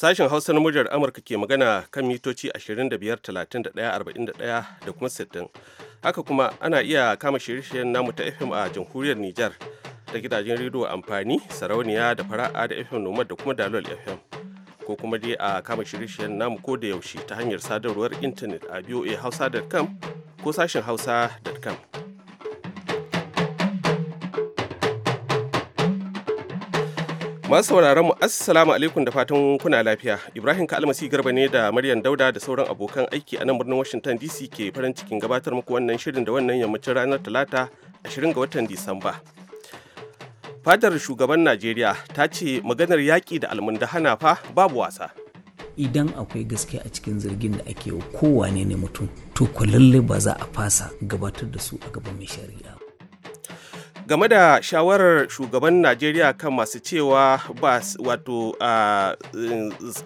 Sashen Hausa na muryar Amurka ke magana kan mitoci 25,31,41 da kuma 60. Haka kuma ana iya kama shirye-shiryen namu ta FM a jamhuriyar Nijar da gidajen rediyo amfani, sarauniya da fara'a da FM Nomad da kuma Dalol FM. Ko kuma dai a kama shirye-shiryen namu ko da yaushe ta hanyar sadarwar intanet a voahausa.com ko sashen hausa.com. Masu sauraron mu assalamu alaikum da fatan kuna lafiya. Ibrahim Kalmasi Garba ne da Maryam Dauda da sauran abokan aiki a nan birnin Washington DC ke farin cikin gabatar muku wannan shirin da wannan yammacin ranar Talata 20 ga watan Disamba. Fadar shugaban Najeriya ta ce maganar yaƙi da almundahana fa babu wasa. Idan akwai gaske a cikin zargin da ake kowane ne mutum, to lallai ba za a fasa gabatar da su a gaban mai shari'a. game da shawarar shugaban najeriya kan masu cewa ba wato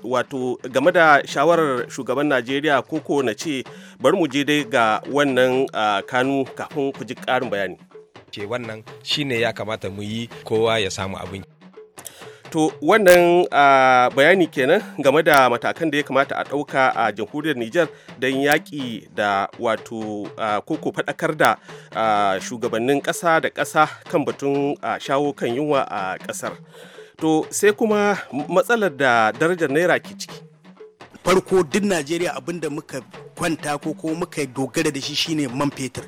wato game da shawarar shugaban najeriya ko na ce bari mu je dai ga wannan kanu kafin ku ji karin bayani ke wannan shine ya kamata mu yi kowa ya samu abin to wannan bayani kenan game da matakan da ya kamata a ɗauka a jamhuriyar Nijar don yaƙi da wato koko faɗakar da shugabannin ƙasa da ƙasa kan batun shawo kan yunwa a ƙasar. To sai kuma matsalar da darajar naira ke ciki. Farko duk Najeriya abinda muka kwanta ko kuma muka dogara da shi shine man fetur.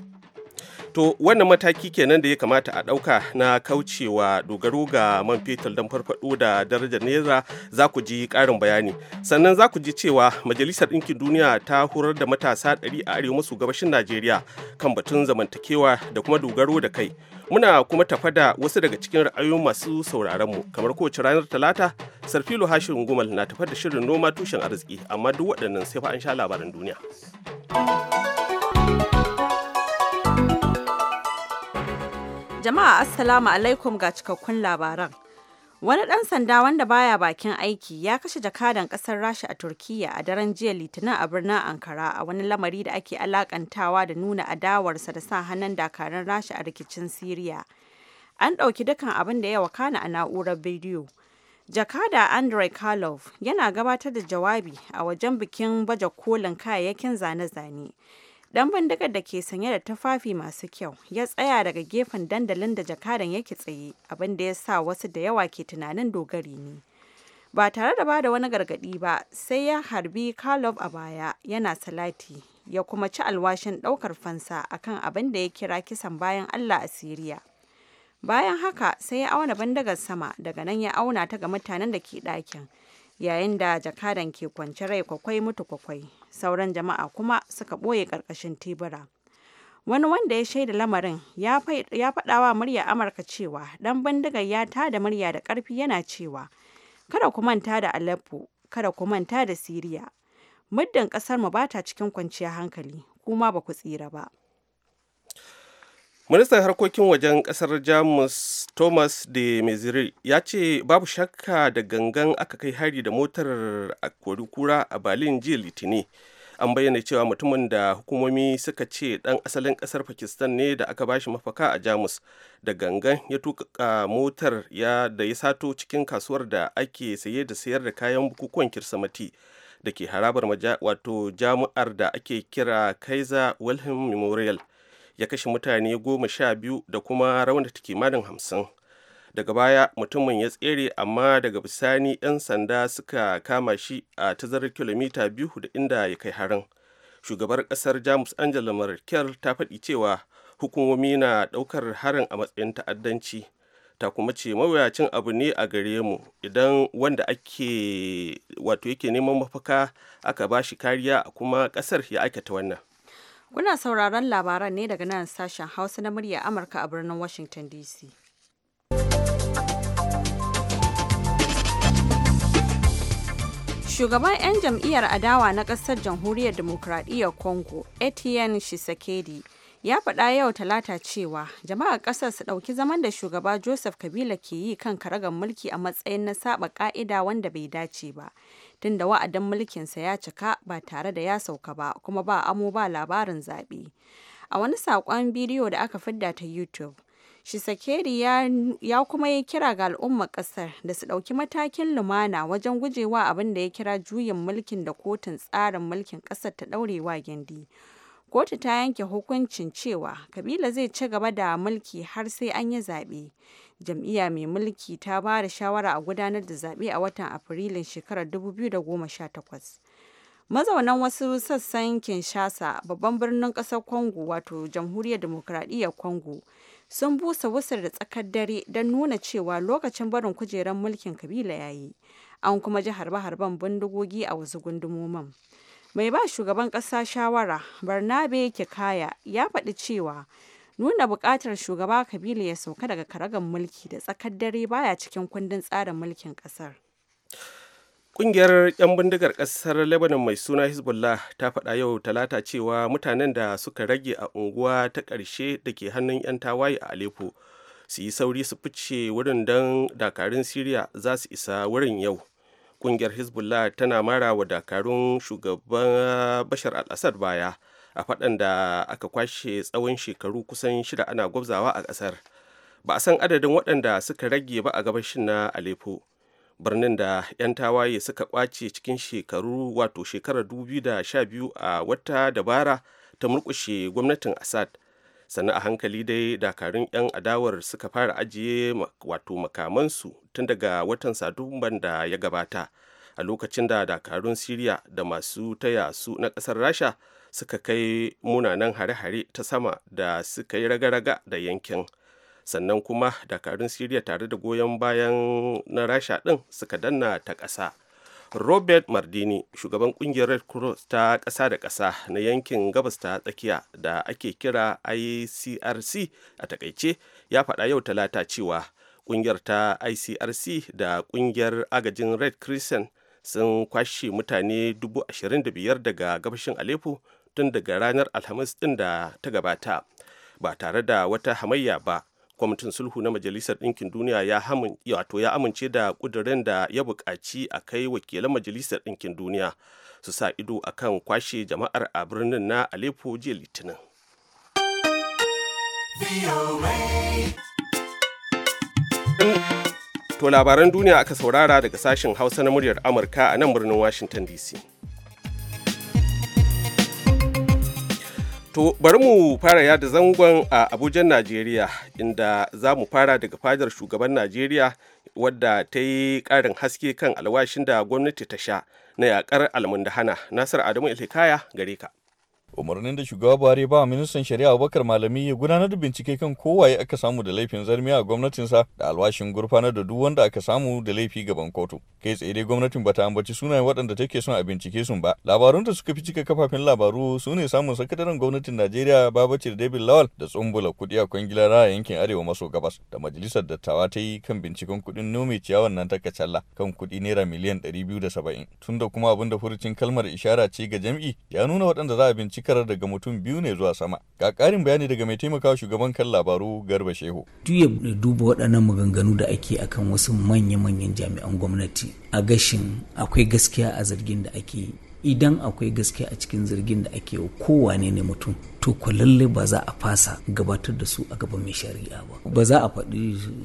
to wannan mataki kenan da ya kamata a ɗauka na kaucewa dogaro ga man fetur don farfaɗo da darajar naira za ku ji ƙarin bayani sannan za ku ji cewa majalisar ɗinkin duniya ta horar da matasa ɗari a arewa maso gabashin najeriya kan batun zamantakewa da kuma dogaro da kai muna kuma tafa da wasu daga cikin ra'ayoyin masu mu kamar kowace ranar talata sarfilo hashin gumal na tafar da shirin noma tushen arziki amma duk waɗannan sai fa an sha labaran duniya. Jama'a Assalamu alaikum ga cikakkun labaran. Wani ɗan sanda wanda baya bakin aiki ya kashe jakadan ƙasar Rasha a Turkiyya a daren jiya Litinin a birnin Ankara a wani lamari da ake alakantawa da nuna adawarsa da sa hannun dakarun Rasha a rikicin Siriya. An ɗauki dukan abin da ya wakana a na'urar bidiyo. Jakada Andrei Karlov yana gabatar da jawabi a wajen bikin baje kolin kayayyakin zane-zane. Dan bindigar da ke sanye da tufafi masu kyau ya tsaya daga gefen dandalin da jakadan yake tsaye, abin da ya sa wasu da yawa ke tunanin dogari ne. Ba tare da bada wani gargadi ba, sai ya harbi Karlov a baya yana salati, ya kuma ci alwashin daukar fansa akan abin da ya kira kisan bayan Allah a Siriya. Bayan haka sai ya auna bindigar sama daga nan ya auna ta ga mutanen da ke ɗakin, yayin da jakadan ke kwance rai kwakwai mutu kwakwai. sauran jama'a kuma suka ɓoye ƙarƙashin tebura. Wani wanda ya shaida lamarin ya faɗawa murya Amurka cewa ɗan bindigar ya tada murya da ƙarfi yana cewa kada ku manta da Aleppo, kada ku manta da Siriya. Muddin ƙasarmu ba ta cikin kwanciyar hankali, kuma ba ku tsira ba. ministan harkokin wajen kasar jamus thomas de mezire ya ce babu shakka da gangan aka kai hari da motar kura a berlin jiya litini an bayyana cewa mutumin da hukumomi suka ce dan asalin kasar pakistan ne da aka bashi mafaka a jamus da gangan ya tuka motar ya da ya sato cikin kasuwar da ake saye da sayar da kayan bukukuwan kirsimati da ke harabar wato jami'ar da ake kira kaiser wilhelm memorial ya kashe mutane goma sha biyu da kuma raunata kimanin hamsin daga baya mutumin ya tsere amma daga bisani 'yan sanda suka kama shi a tazarar kilomita biyu da inda ya kai harin shugabar kasar jamus angela merkel ta faɗi cewa hukumomi na ɗaukar harin a matsayin ta'addanci ta kuma ce mawuyacin abu ne a gare mu idan wanda ake wato yake neman mafaka aka ba shi kariya kuma ƙasar ya aikata wannan Kuna sauraron labaran ne daga nan sashen Hausa na murya Amurka a birnin Washington DC. Shugaban 'yan jam'iyyar adawa na ƙasar Jamhuriyar Demokuraɗiyyar Congo, Etienne Shisekedi, ya faɗa yau talata cewa jama'ar ƙasar su ɗauki zaman da shugaba Joseph Kabila ke yi kan karagar mulki a matsayin na saba ƙa'ida wanda bai dace ba. tun da wa'adin mulkinsa ya cika ba tare da ya sauka ba kuma ba amo ba labarin zaɓe. A wani saƙon bidiyo da aka fidda ta YouTube, shisakeri ya, ya kuma yi kira ga al'ummar ƙasar da su ɗauki matakin lumana wajen gujewa abin da ya kira juyin mulkin da kotun tsarin mulkin ƙasar ta ɗaurewa gindi. Kotu ta yanke hukuncin cewa kabila zai ci gaba da mulki har sai an yi zaɓe. jam'iyya mai mulki ta ba da shawara a gudanar da zaɓe a watan Afrilun shekarar 2018. Mazaunan wasu sassan Kinshasa, babban birnin ƙasar Kongo wato Jamhuriyar Demokuraɗiyyar Kongo, sun busa wusar da tsakar dare don nuna cewa lokacin barin kujerar mulkin kabila ya yi, an kuma ji harbe-harben bindigogi a wasu gundumomin. Mai ba shugaban ƙasa shawara, Barnabe Kikaya, ya faɗi cewa Nuna bukatar shugaba Kabila ya sauka daga karagar mulki da tsakar dare baya cikin kundin tsarin mulkin kasar. Kungiyar 'yan bindigar kasar Lebanon mai suna Hezbollah ta faɗa yau talata cewa mutanen da suka rage a unguwa ta ƙarshe da ke hannun 'yan tawaye a Aleppo su yi sauri su fice wurin don dakarun Siriya za su isa wurin yau. Kungiyar Hezbollah tana mara wa dakarun shugaban Bashar al-Assad baya. a faɗan da aka kwashe tsawon shekaru kusan shida ana gwabzawa a ƙasar ba a san adadin waɗanda suka rage ba a gabashin na alepo birnin da 'yan tawaye suka kwace cikin shekaru wato shekarar 2012 a wata dabara ta murkushe gwamnatin assad sannan a hankali dai dakarun 'yan adawar suka fara ajiye wato makamansu tun daga watan satumban da ya gabata a lokacin da dakarun siriya da masu taya su na ƙasar rasha suka kai munanan hare-hare ta sama da suka yi raga-raga da yankin sannan kuma dakarun siriya tare da goyon bayan na rasha din suka danna ta ƙasa robert mardini shugaban kungiyar red cross ta ƙasa da ƙasa na yankin gabas ta tsakiya da ake kira icrc a takaice ya faɗa yau talata cewa kungiyar ta icrc da kungiyar agajin red crescent sun kwashe mutane 25,000 daga gabashin aleppo tun daga ranar alhamis din da ta gabata ba tare da wata hamayya ba kwamitin sulhu na majalisar Dinkin duniya ya wato ya amince da ƙudurin da ya buƙaci a kai wakilan majalisar ɗinkin duniya su sa ido akan kwashe jama'ar a birnin na aleppo jiya litinin To labaran duniya aka saurara daga sashen hausa na muryar amurka a nan birnin washington dc To bari mu fara yada zangon a Abujan Najeriya inda za mu fara daga fadar shugaban Najeriya wadda ta yi ƙarin haske kan alwashin da gwamnati ta sha na yakar almundahana. Nasir Adamu Ilhikaya gare ka. umarnin da shugaba buhari ba ministan shari'a abubakar malami ya gudanar da bincike kan kowaye aka samu da laifin zarmi a gwamnatinsa da alwashin gurfana da duk wanda aka samu da laifi gaban kotu kai tsaye dai gwamnatin bata ambaci sunayen waɗanda take son a bincike sun ba labarun da suka fi cika kafafen labaru su ne samun sakataren gwamnatin najeriya babacir david lawal da tsumbula kuɗi a kwangilar raya yankin arewa maso gabas da majalisar dattawa ta yi kan binciken kuɗin nome ciyawan nan ta kacalla kan kuɗi naira miliyan ɗari biyu da saba'in tunda kuma abin da furucin kalmar ishara ce ga jam'i ya nuna waɗanda za a bincika shekarar daga mutum biyu ne zuwa sama ga ƙarin bayani daga mai taimaka shugaban kan labaru garba shehu ya duba waɗannan maganganu da ake akan wasu manya-manyan jami'an gwamnati a gashin akwai gaskiya a zargin da ake idan akwai gaskiya a cikin zargin da ake ko kowane ne mutum to ko lalle ba za a fasa gabatar da su a gaban mai shari'a ba ba za a faɗi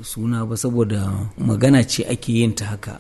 suna ba saboda magana ce ake yin ta haka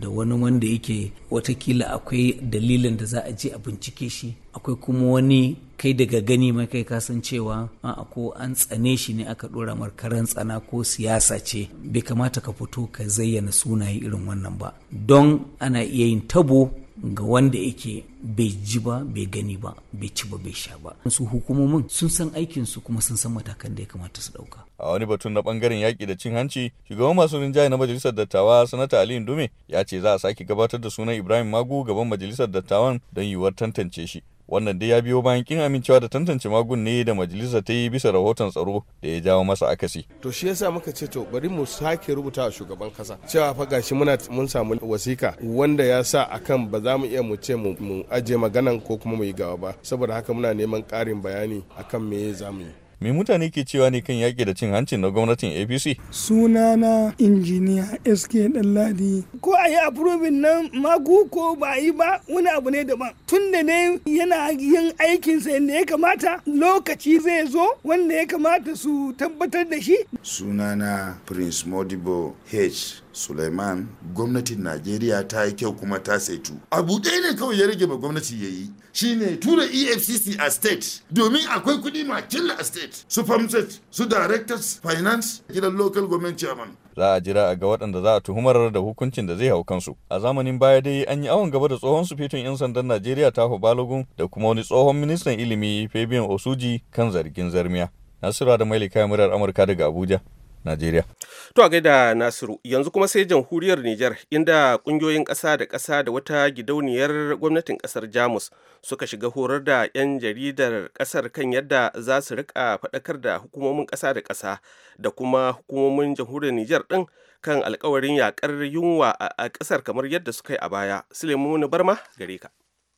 da wani wanda yake watakila akwai dalilin da za a je a bincike shi akwai kuma wani kai daga gani mai kai kasan cewa a ko an tsane shi ne aka ɗora markaran tsana ko siyasa ce bai kamata ka fito ka zayyana sunaye irin wannan ba don ana iya yin tabo ga wanda yake bai ji ba bai gani ba bai ci ba bai sha ba su hukumomin sun san aikin su kuma sun san matakan da ya kamata su dauka a wani batun na bangaren yaki da cin hanci shugaban masu rinjaye na majalisar dattawa sanata ali indume ya ce za a sake gabatar da sunan ibrahim magu gaban majalisar dattawan don yiwuwar tantance shi wannan dai ya biyo bayan kin amincewa da tantance magun ne da majalisa ta yi bisa rahoton tsaro da ya jawo masa akasi to shi yasa muka ce to bari mu sake rubuta wa shugaban kasa cewa fa gashi muna mun samu wasika wanda ya sa akan ba za mu iya mu ce mu aje maganan ko kuma mu yi gawa ba saboda haka muna neman ƙarin bayani akan me za mu yi Me mutane ke cewa ne kan yaƙi da cin hanci na gwamnatin APC? Sunana injiniya SK Ɗanladi. Ko a yi aprobin nan maku ko ba yi ba wani abu ne daban. Tun da ne yana yin aikinsa yadda ya kamata lokaci zai zo wanda ya kamata su tabbatar da shi. Sunana Prince Modibo H. suleiman gwamnatin najeriya ta yi kyau kuma ta saitu abu ɗaya ne kawai ya rage ma gwamnati ya yi ne tura efcc a state domin akwai kuɗi ma killa a state su famset su directors finance gidan local government chairman za a jira a ga waɗanda za a tuhumar da hukuncin da zai hau kansu a zamanin baya dai an yi awon gaba da tsohon su fetun 'yan sandan najeriya taho balogun da kuma wani tsohon ministan ilimi fabian osuji kan zargin zarmiya nasiru da mailika murar amurka daga abuja Najeriya. To a gaida Nasiru yanzu kuma sai jamhuriyar Nijar inda kungiyoyin ƙasa da ƙasa da wata gidauniyar gwamnatin ƙasar Jamus suka shiga horar da 'yan jaridar ƙasar kan yadda za su rika faɗakar da hukumomin ƙasa da ƙasa da kuma hukumomin jamhuriyar Nijar ɗin kan alkawarin yaƙar yunwa a ƙasar kamar yadda suka yi a baya. Suleiman Barma gare ka.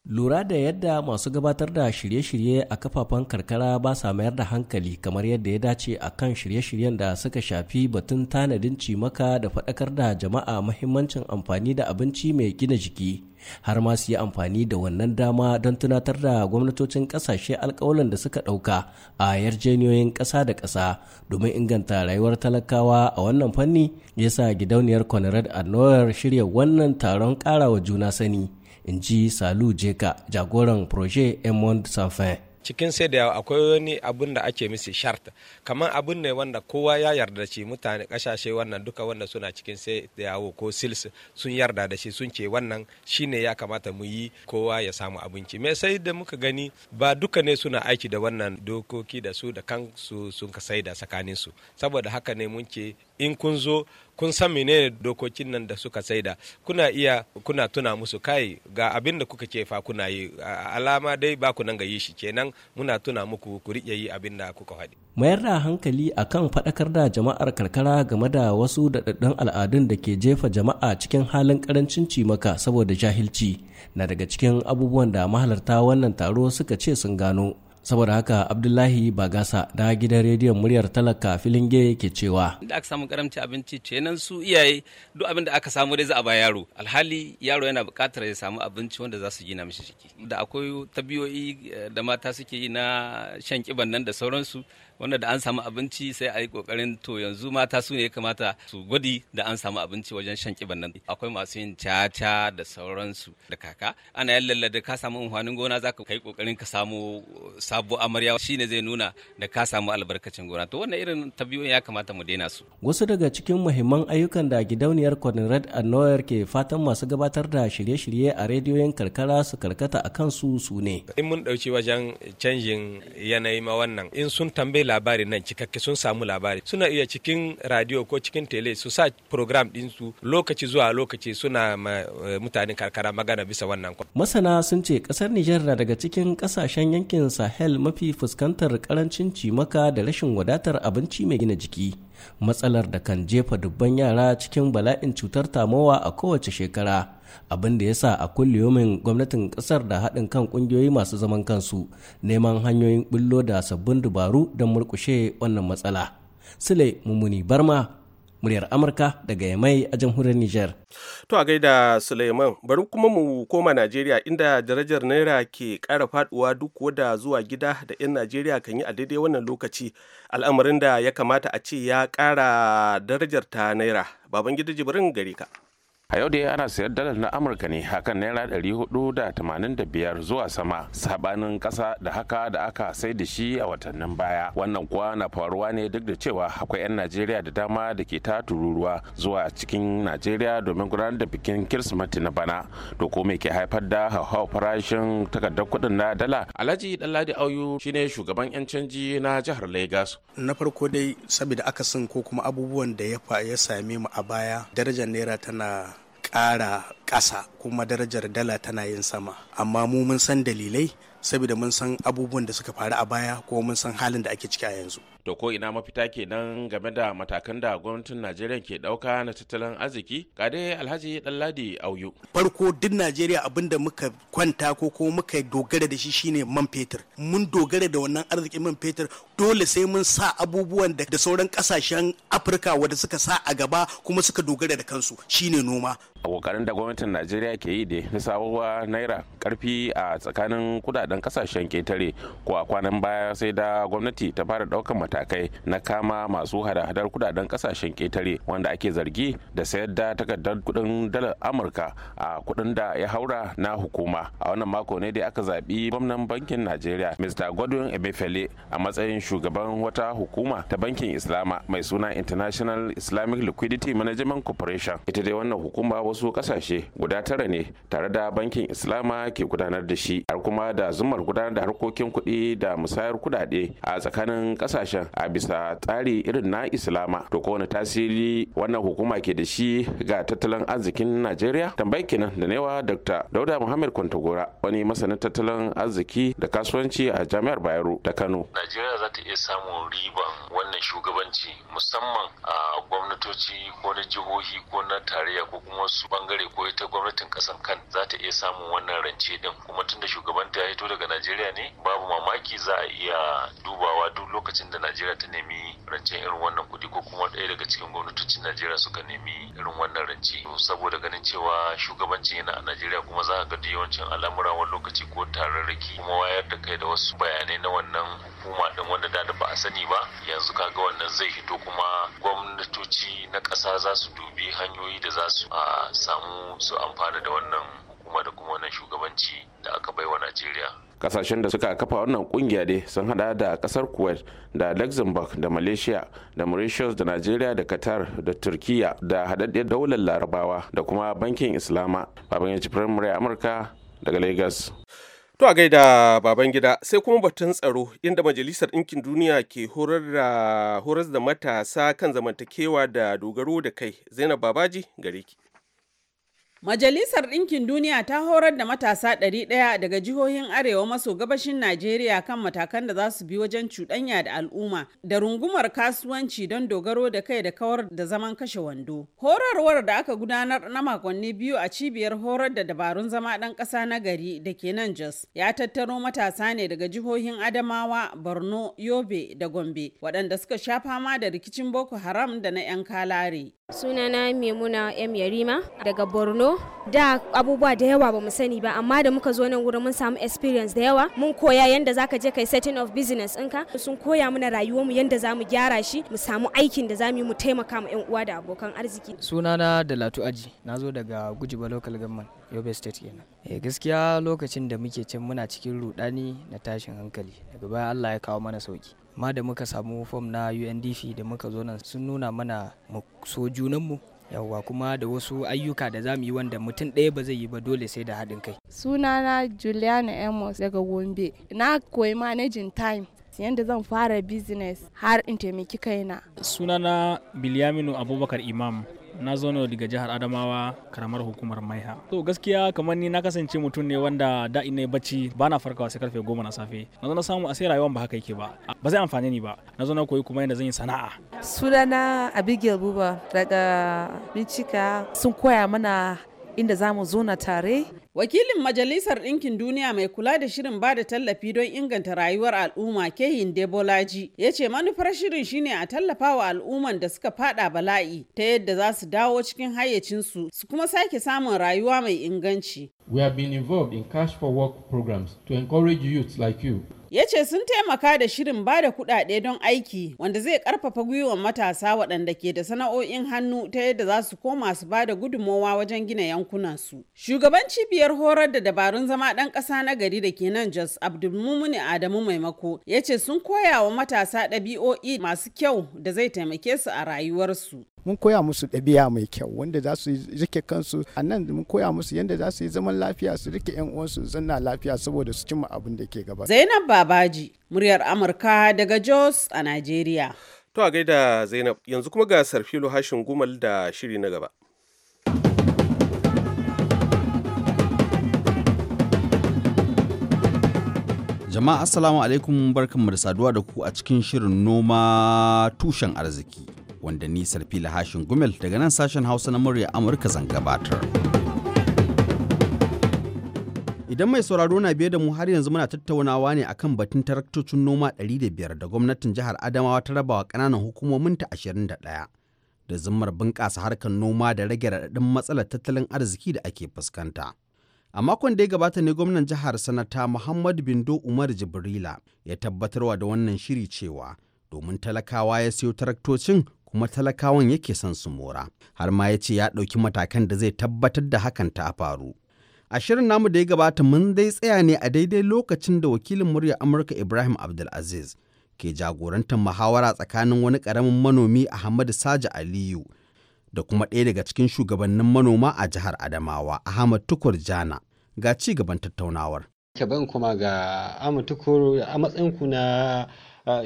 lura da yadda masu gabatar da shirye-shirye a kafafen karkara ba sa mayar da hankali kamar yadda ya dace a kan shirye-shiryen da suka shafi batun tanadin cimaka da faɗakar da jama'a mahimmancin amfani da abinci mai gina jiki har ma su yi amfani da wannan dama don tunatar da gwamnatocin ƙasashe alƙawalan da suka ɗauka a yarjeniyoyin ƙasa da ƙasa domin inganta rayuwar talakawa a wannan fanni ya sa gidauniyar conrad annoyar shirya wannan taron ƙarawa juna sani in ji salu jeka jagoran proje emond sanfin cikin sai da akwai wani abun da ake misi sharta kamar abun ne wanda kowa ya yarda da shi mutane kasashe wannan duka wanda suna cikin sai da yawo ko sils sun yarda da shi sun ce wannan shine ya kamata mu yi kowa ya samu abinci me sai da muka gani ba duka ne suna aiki da wannan dokoki da su da kansu sun ka sai da tsakanin su saboda haka ne mun ce in kun zo kun san menene dokokin nan da suka saida kuna iya kuna tuna musu kai ga abin da kuka ce fa kuna yi alama dai ba ku nan ga yi shi kenan muna tuna muku ku riƙe yi abin da kuka faɗi. mayar da hankali akan faɗakar da jama'ar karkara game da wasu daɗaɗɗun al'adun da ke jefa jama'a cikin halin ƙarancin cimaka saboda jahilci na daga cikin abubuwan da mahalarta wannan taro suka ce sun gano saboda haka abdullahi bagasa da gidan rediyon muryar talaka filin filinge ke cewa da aka samu karamci abinci ce nan su iyaye duk abin da aka samu dai za a ba yaro alhali yaro yana buƙatar ya samu abinci wanda za su gina mishi jiki da akwai tabiyoyi eh, da mata suke yi na shan kiban nan da sauransu wanda da an samu abinci sai a yi kokarin to yanzu mata su ne ya kamata su gwadi da an samu abinci wajen shan kiban nan akwai masu yin caca da sauransu da kaka ana yan lalla da ka samu amfanin gona zaka kai kokarin ka samu uh, sabo amarya shine zai nuna da ka samu albarkacin gona to wannan irin tabiyoyin ya kamata mu daina su wasu daga cikin muhimman ayyukan da gidauniyar Conrad Annoyer ke fatan masu gabatar da shirye-shirye a rediyoyin karkara su karkata a kansu su ne in mun dauki wajen canjin yanayi ma wannan in sun tambaye labarin nan cikakke sun samu labari suna iya cikin radio ko cikin tele su sa program ɗinsu lokaci zuwa lokaci suna eh, mutane karkara magana bisa wannan masana sun ce kasar nijar na daga cikin ƙasashen yankin sahel mafi fuskantar karancin cimaka da rashin wadatar abinci mai gina jiki matsalar da kan jefa dubban yara cikin bala'in cutar tamowa a kowace shekara abin da ya sa a kulle yomin gwamnatin kasar da haɗin kan ƙungiyoyi masu zaman kansu neman hanyoyin bullo da sabbin dabaru don murƙushe wannan matsala sule mummuni barma muryar amurka daga yamai a jamhuriyar Nijar. to a gaida suleiman bari kuma mu koma najeriya inda darajar naira ke ƙara faɗuwa duk wada zuwa gida da 'yan najeriya kan yi a daidai wannan lokaci al'amarin da ya kamata a ce ya ƙara darajar ta naira baban gida jibirin gare ka a yau dai ana sayar dalar na amurka ne hakan naira ɗari hudu da tamanin da biyar zuwa sama sabanin ƙasa da haka da aka sai da shi a watannin baya wannan kuwa na faruwa ne duk da cewa akwai 'yan najeriya da dama da ke ta tururuwa zuwa cikin najeriya domin gudanar da bikin kirsimeti na bana to ko me ke haifar da hauhau farashin takardar kuɗin na dala alhaji ɗanladi auyu shine shugaban 'yan canji na jihar legas na farko dai saboda akasin ko kuma abubuwan da ya same mu a baya darajar naira tana ƙara kasa kuma darajar dala tana yin sama amma mu mun san dalilai saboda mun san abubuwan da suka faru a baya ko mun san halin da ake ciki a yanzu. To ko ina mafita ke nan game da matakan da gwamnatin Najeriya ke dauka na tattalin arziki? dai Alhaji dalladi Auyu. Farko duk Najeriya abin da muka kwanta ko kuma muka dogara da shi shine man fetur. Mun dogara da wannan arzikin man fetur dole sai mun sa abubuwan da sauran kasashen Afirka wanda suka sa a gaba kuma suka dogara da kansu shine noma. a kokarin da gwamnatin najeriya ke yi da na sabuwa naira karfi a tsakanin kudaden kasashen ketare ko a kwanan baya sai da gwamnati ta fara daukan matakai na kama masu hada-hadar kudaden kasashen ketare wanda ake zargi da sayar da takardar kudin dalar amurka a kudin da ya haura na hukuma a wannan mako ne da aka zaɓi gwamnan bankin najeriya mr godwin emefele a matsayin shugaban wata hukuma ta bankin islama mai suna international islamic liquidity management corporation ita dai wannan hukuma wasu kasashe guda tara ne tare da bankin islama ke gudanar da shi har kuma da zumar gudanar da harkokin kuɗi da musayar kudade a tsakanin kasashen a bisa tsari irin na islama to kowane tasiri wannan hukuma ke da shi ga tattalin arzikin najeriya tambayi kenan da newa dr dauda muhammad kwantagora wani masanin tattalin arziki da kasuwanci a jami'ar bayero da kano najeriya za ta iya samun riban wannan shugabanci musamman a gwamnatoci ko na jihohi ko na tarayya ko kuma wasu bangare ko ita gwamnatin kasan kan za ta iya samun wannan rance din kuma tun da shugabanta ya hito daga najeriya ne babu mamaki za a iya dubawa duk lokacin da najeriya ta nemi rancen irin wannan kuɗi ko kuma ɗaya daga cikin gwamnatocin najeriya suka nemi irin wannan rance saboda ganin cewa shugabanci yana a najeriya kuma za a ga yawancin al'amura wani lokaci ko tararraki kuma wayar da kai da wasu bayanai na wannan hukuma ɗin wanda da ba a sani ba yanzu kaga wannan zai hito kuma gwamnatoci na ƙasa za su dubi hanyoyi da za su samu su amfana da wannan hukuma da kuma wannan shugabanci da aka baiwa Najeriya. kasashen da suka kafa wannan kungiya dai sun hada da kasar kuwait da luxembourg da malaysia da mauritius da nigeria da qatar da turkiya da hadaddiyar daular larabawa da kuma bankin islama baban yanci firamare amurka daga lagos To a gaida baban gida sai kuma batun tsaro inda Majalisar Ɗinkin Duniya ke horar da matasa kan zamantakewa da dogaro da kai Zainab Babaji gare ki. Majalisar Ɗinkin Duniya ta horar da matasa 100 daga jihohin Arewa maso gabashin Najeriya kan matakan da za su bi wajen cuɗanya da al'umma da rungumar kasuwanci don dogaro da kai da kawar da zaman kashe wando. Horarwar da aka gudanar na makonni biyu a cibiyar horar da dabarun zama ɗan ƙasa na gari da ke nan Jos ya tattaro matasa ne daga jihohin Adamawa, Borno, Yobe da Gombe waɗanda suka sha fama da rikicin Boko Haram da na 'yan kalare. sunana maimuna m yarima daga borno da abubuwa da yawa ba mu sani ba amma da muka zo nan wurin mun samu experience da yawa mun koya yanda ka je kai setting of business ɗinka sun koya mana mu yanda za mu gyara shi mu samu aikin da za mu yi mu taimaka ma 'yan uwa da abokan arziki sunana da latu aji na zo daga gujiba local government yobe state kenan eh gaskiya lokacin da muke can muna cikin rudani na tashin hankali daga baya allah ya kawo mana sauki ma da muka samu fom na undp da muka zo nan sun nuna mana mu so junanmu yawwa kuma da wasu ayyuka da za mu yi wanda mutum ɗaya ba zai yi ba dole sai da haɗin kai sunana juliana amos daga gombe na koyi managing time yadda zan fara business har in taimaki kaina sunana bilyaminu abubakar imam na zo ne daga jihar adamawa karamar hukumar maiha to gaskiya kamar ni na kasance mutum ne wanda da ina bacci ba na farkawa sai karfe goma na safe na zo na samu a sai rayuwar ba haka yake ba ba zai amfani ni ba na zo na koyi kuma yadda zan yi sana'a sunana abigail buba daga bincika sun koya mana inda za mu na tare. Wakilin Majalisar Ɗinkin Duniya mai kula da shirin ba da tallafi don inganta rayuwar al'umma Kehin Debolaji ya ce manufar shirin shine a tallafa wa al'umman da suka fada bala'i ta yadda za su dawo cikin hayyacinsu su kuma sake samun rayuwa mai inganci. We have been involved in cash for work programs to encourage youths like you ya ce sun taimaka da shirin ba da kuɗaɗe don aiki wanda zai karfafa gwiwar matasa waɗanda ke da sana'o'in hannu ta yadda za su koma su ba da gudummawa wajen gina yankunansu shugaban cibiyar horar da dabarun zama ɗan ƙasa na gari da ke nan jos abdulmumuni adamu maimako ya ce sun koya wa matasa ɗabi'o'i masu kyau da zai taimake su a rayuwarsu mun koya musu ɗabi'a mai kyau wanda za su rike kansu a nan mun koya musu yadda za su yi zaman lafiya su rike yan uwansu zanna lafiya saboda su cimma abin da ke gaba zainab babaji muryar amurka daga jos a nigeria to a gaida zainab yanzu kuma ga sarfilo hashin gumal da shiri na gaba Jama'a Assalamu alaikum barkanmu da saduwa da ku a cikin shirin noma tushen arziki wanda ni sarfila hashin gumel daga nan sashen hausa na murya amurka zan gabatar idan mai sauraro na biye da mu har yanzu muna tattaunawa ne akan batun taraktocin noma 500 da gwamnatin jihar adamawa ta rabawa kananan ta 21 da zimmar bunƙasa harkar noma da rage raɗaɗin matsalar tattalin arziki da ake fuskanta. A makon da ya gabata ne gwamnan jihar sanata Muhammad Bindo Umar Jibrila ya tabbatarwa da wannan shiri cewa domin talakawa ya siyo taraktocin kuma talakawan yake son su mora har ma ya ce ya ɗauki matakan da zai tabbatar da hakan ta faru a shirin namu da ya gabata mun dai tsaya ne a daidai lokacin da wakilin murya amurka ibrahim abdulaziz ke jagorantar muhawara tsakanin wani ƙaramin manomi ahmadu saja aliyu da kuma ɗaya daga cikin shugabannin manoma a jihar adamawa ahmad tukur jana ga ci gaban tattaunawar. kuma ga a ku na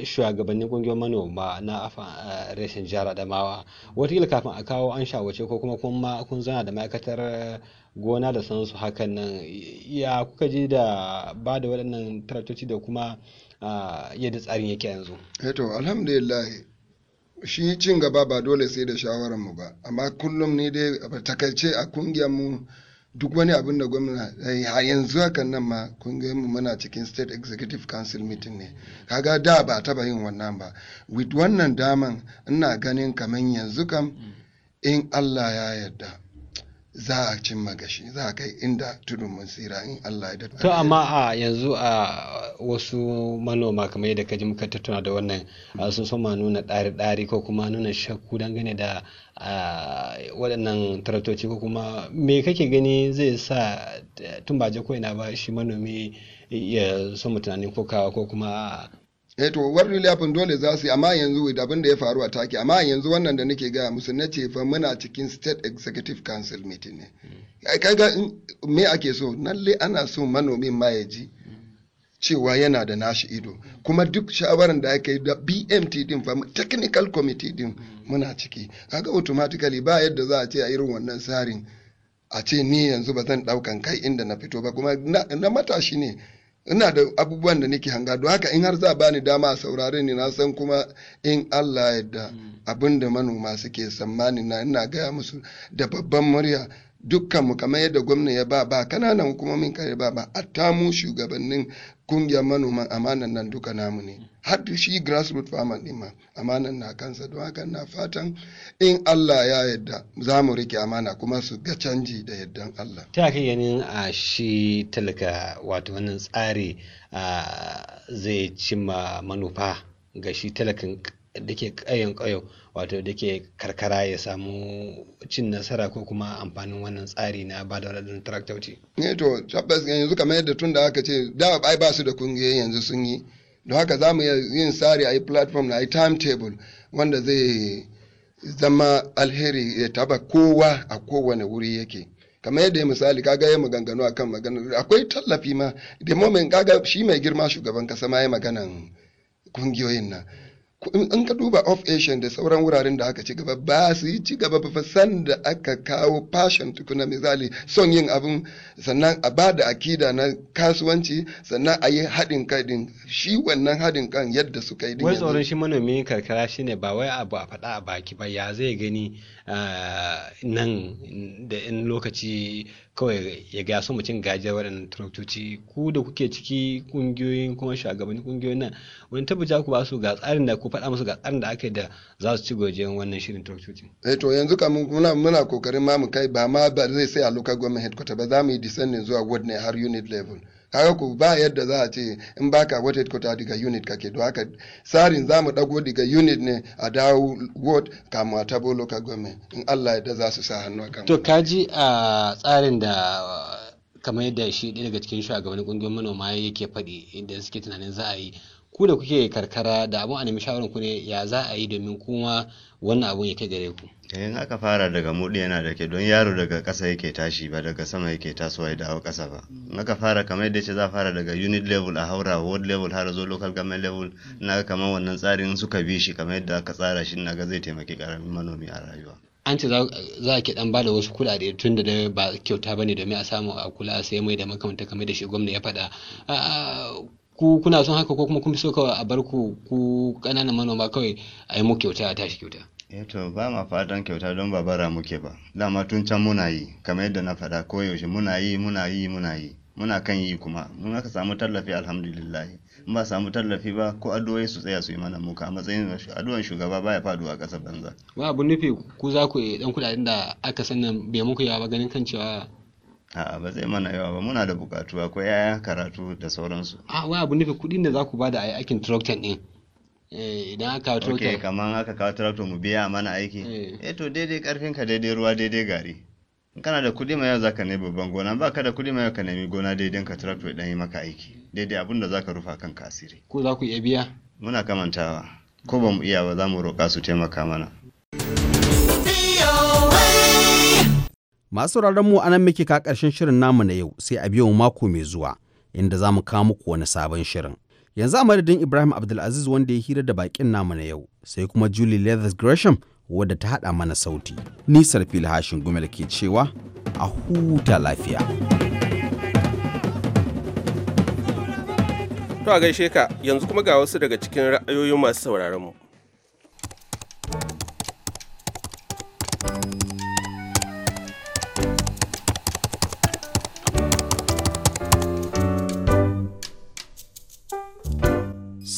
shugabannin kungiyar manoma na afa reshen jihar adamawa gila kafin a kawo an shawace ko kuma kuma kun zana da ma'aikatar gona da sansu hakan nan ya kuka ji da ba da waɗannan taratoci da kuma yadda tsarin yake yanzu eto eh alhamdulillah shi cin gaba ba dole sai da shawararmu ba amma kullum ne dai a takaice a kungiyar mu duk wani abin da gwamna eh, a yanzu hakan nan ma kun ga mu muna cikin state executive council meeting ne kaga da ba taba yin wannan ba with wannan daman ina ganin kaman yanzu kam mm. in Allah ya yarda za a cimma gashi za a kai inda tudun mun in Allah ya to amma a yanzu a wasu manoma kamar yadda ka ji muka tattauna da wannan sun ma nuna ɗari-ɗari ko kuma nuna shakku dangane da waɗannan taratoci ko kuma me kake gani zai sa eh, tun ba je ko ina ba shi manomi ya mutane ko kawa ko kuma eh to war dole za su yi amma yanzu abin da ya faru a take amma yanzu wannan da nake gaya musu na ce fa muna cikin state executive council meeting ne kaga me ake so Nalle ana so manomin ma ya ji cewa yana da nashi ido kuma duk shawaran da aka yi da bmt din fa technical committee din muna ciki kaga automatically ba yadda za a ce a irin wannan tsarin a ce ni yanzu ba zan daukan kai inda na fito ba kuma na matashi ne ina da abubuwan da nake hanga don haka in har za bani dama a saurare ne na san kuma in Allah ya da mm. abin da manoma suke tsammani na ina gaya musu da babban murya dukkan mu kamar yadda gwamna ya ba ba kananan min kare ba ba a tamu shugabannin kungiyar manoman amanan nan duka namu ne har shi grassroot farmer ɗin ma amanan na kansa don haka na fatan in Allah ya yadda za mu rike amana kuma su ga canji da yardan Allah ta kai ganin a shi talaka wato wannan tsari zai cimma manufa ga shi talakan da ke ƙayon wato da ke karkara ya samu cin nasara ko kuma amfanin wannan tsari na ba da wadannan traktoci. ne to tabbas yanzu kamar yadda tun da aka ce da ai ba su da kungiyoyi yanzu sun yi don haka za mu yin tsari a yi platform na a yi timetable wanda zai zama alheri ya taba kowa a kowane wuri yake. kamar yadda ya misali kaga ya maganganu akan maganar akwai tallafi ma da moment kaga shi mai girma shugaban kasa ma ya maganan kungiyoyin nan in ka duba off asian da sauran wuraren da aka ci gaba ba su yi ci gaba ba san da aka kawo fashion tukuna misali son yin abin sannan a ba da akida na kasuwanci sannan a yi haɗin kaɗin shi wannan haɗin kan yadda su kai din wai tsoron shi manomi karkara shine ba wai abu a faɗa a baki ba ya zai gani ah, nan da in lokaci kawai ya ga sun mutum gajiyar waɗannan turaktoci ku da kuke ciki kungiyoyin kuma shugabannin kungiyoyin nan wani tabbata ku ba su ga tsarin da ku faɗa musu ga tsarin da aka yi da za su ci gajiyar wannan shirin turaktoci. eh to yanzu kamun muna muna kokarin ma mu kai ba ma ba zai sai a local government headquarter ba za mu yi descending zuwa ward ne har unit level. kaga ku ba yadda za a ce in baka wata kwata daga unit kake don haka tsarin za mu dago daga unit ne a dawo ward kama a tabo local government in allah yadda za su sa hannu a kan to kaji a tsarin da kamar yadda shi ɗaya daga cikin shugabannin kungiyar manoma yake faɗi inda suke tunanin za a yi ku da kuke karkara da abun a nemi shawaran ku ne ya za a yi domin kuma wannan abun ya kai gare ku yayin eh, aka fara daga mudi yana da ke don yaro daga ƙasa yake tashi ba daga sama yake tasowa ya dawo ƙasa ba in aka fara kamar yadda ce za a fara daga unit level a haura World level har zo local government level na ga kamar wannan tsarin suka bi shi kamar yadda aka tsara shi na ga zai taimaki karamin manomi a rayuwa an ce za a ke dan bada wasu kuɗaɗe tun da ba kyauta bane domin a samu a kula sai mai da makamanta kamar da shi gwamna ya faɗa ku kuna son haka ko kuma kun fi so kawai a bar ku ku ƙananan manoma kawai a yi mu kyauta a tashi kyauta eh to ba ma fatan kyauta don ba bara muke ba dama tun can muna yi kamar yadda na faɗa ko yaushe muna yi muna yi muna yi muna kan yi kuma mun aka samu tallafi alhamdulillahi in ba samu tallafi ba ko addu'o'i su tsaya su yi mana muka a matsayin addu'an shugaba baya faduwa ƙasar banza wa abu nufi ku za ku ɗan kudaden da aka sanin bai muku yawa ganin kan cewa a'a ba zai mana yawa ba muna da bukatu akwai yaya karatu da sauransu a wai abu nufi kuɗin da za ku bada a yi aikin tractor din eh, idan aka kawo tractor ok kamar aka kawo tractor mu biya mana aiki eh, eh to daidai karfin ka daidai ruwa daidai gari in kana da kuɗi ma yau zaka nemi babban gona ba ka da kuɗi ma yau ka nemi gona daidai ka tractor dan yi maka aiki daidai abin da zaka rufa kanka asiri ko za ku iya biya muna kamantawa ko ba mu iya ba za mu roƙa su taimaka mana Masu mu anan muke ka ƙarshen shirin namu na yau sai a biyo mako mai zuwa inda za mu kawo muku wani sabon shirin. Yanzu a madadin Ibrahim Abdulaziz wanda ya hira da baƙin namu na yau sai kuma Julie Leathers Gresham wadda ta haɗa mana sauti. Ni Sarfil Hashin Gumel ke cewa a huta lafiya. To a gaishe ka yanzu kuma ga wasu daga cikin ra'ayoyin masu sauraron mu.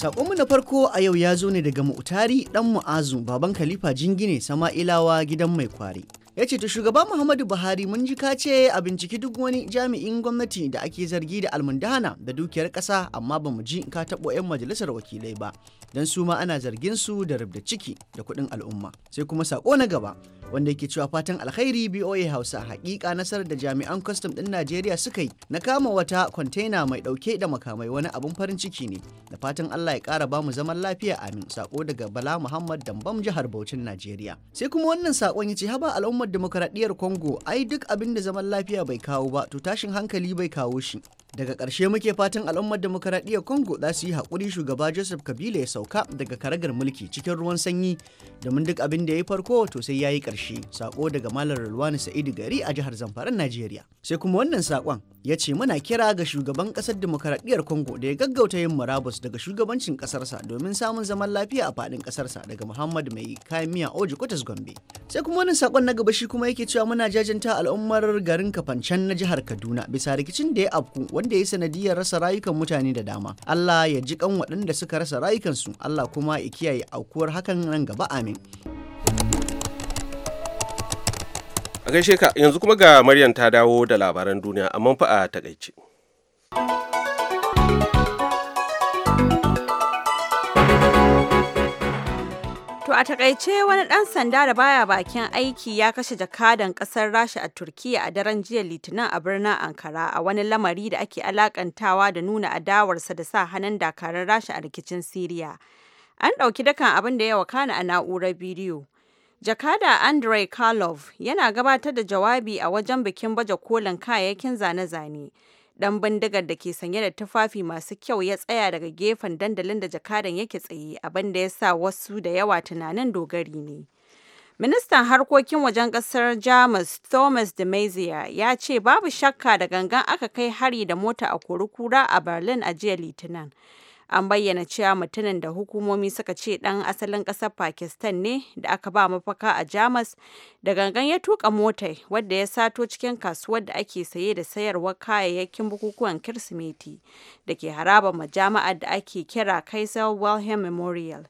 Sakonmu na farko a yau ya zo ne daga Mu'tari ɗan Mu'azu baban Khalifa Jingine Sama'ilawa gidan mai kwari. Ya ce to shugaba Muhammadu Buhari mun ji kace a binciki duk wani jami'in gwamnati da ake zargi da almundahana da dukiyar ƙasa amma ba mu ji ka taɓo 'yan majalisar wakilai ba don su ma ana zargin su da rubda ciki da kuɗin al'umma. Sai kuma sako na gaba wanda yake cewa fatan alkhairi BOA Hausa hakika nasarar da jami'an kwastam din Najeriya suka yi na kama wata kwantena mai dauke da makamai wani abun farin ciki ne da fatan Allah ya kara bamu zaman lafiya amin sako daga Bala Muhammad Dambam jihar Bauchin Najeriya sai kuma wannan sakon yace haba al'ummar demokradiyyar Congo ai duk abin da zaman lafiya bai kawo ba to tashin hankali bai kawo shi daga ƙarshe muke fatan al'ummar demokaradiyyar congo za su yi haƙuri shugaba joseph kabila ya sauka daga karagar mulki cikin ruwan sanyi domin duk abin da ya yi farko to sai ya yi ƙarshe sako daga malam rulwani sa'idu gari a jihar zamfaran najeriya sai kuma wannan sakon ya ce muna kira ga shugaban ƙasar demokaradiyyar congo da ya gaggauta yin murabus daga shugabancin ƙasarsa domin samun zaman lafiya a faɗin ƙasarsa daga muhammad mai kayan miya oji kotas gombe sai kuma wannan sakon na gaba shi kuma yake cewa muna jajanta al'ummar garin kafancan na jihar kaduna bisa rikicin da ya afku wanda ya sanadiyar rasa rayukan mutane da dama Allah ya ji kan waɗanda suka rasa rayukansu Allah kuma ya kiyaye aukuwar hakan nan gaba amin a gaishe ka yanzu kuma ga Maryam ta dawo da labaran duniya amma fa a takaice. To a takaice wani ɗan sanda da baya bakin aiki ya kashe jakadan ƙasar Rasha a Turkiyya a daren jiya Litinin a birnin Ankara a wani lamari da ake alakantawa da nuna adawarsa da sa hannun dakarar Rasha a rikicin Siriya. An ɗauki dakan abin da ya wakana a na'urar bidiyo. Jakada Andrei Karlov yana gabatar da jawabi a wajen bikin baje kolin kayayyakin zane-zane. Dan bindigar da ke sanye da tufafi masu kyau ya tsaya daga gefen dandalin da jakadan yake tsaye abinda ya sa wasu da yawa tunanin dogari ne. Ministan harkokin wajen kasar Jamus Thomas de Maizia, ya ce babu shakka da gangan aka kai hari da mota a kurukura a Berlin a jiya Litinin. An bayyana cewa mutumin da hukumomi suka ce ɗan asalin ƙasar Pakistan ne da aka ba mafaka a Jamus da gangan ya tuka mota wadda ya sato cikin kasuwar da ake saye da sayarwar kayayyakin bukukuwan Kirsimeti da ke harabar majama'ar da ake kira Kaisar Wilhelm Memorial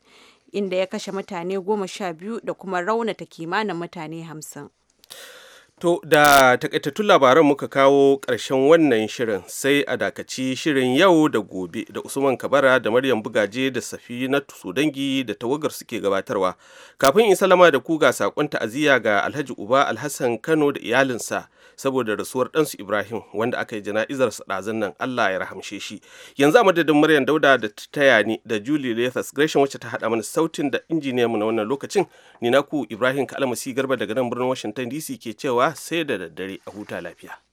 inda ya kashe mutane goma sha biyu da kuma raunata kimanin mutane hamsin. To da takaitattun labaran muka kawo ƙarshen wannan shirin sai a dakaci shirin yau da gobe da Usman Kabara da Maryam Bugaje da Safi na Sudangi da tawagar suke gabatarwa. Kafin in salama da ku ga saƙon ta'aziyya ga Alhaji Uba Alhassan Kano da iyalinsa saboda rasuwar ɗansu ibrahim wanda aka yi jana'izar ɗazun nan allah ya rahamshe shi yanzu a madadin maryam dauda da taya ni da julie lethas gresham wacce ta haɗa mana sautin da injiniya mu na wannan lokacin ni naku ibrahim kalmasi garba daga nan birnin washington dc ke cewa sai da daddare a huta lafiya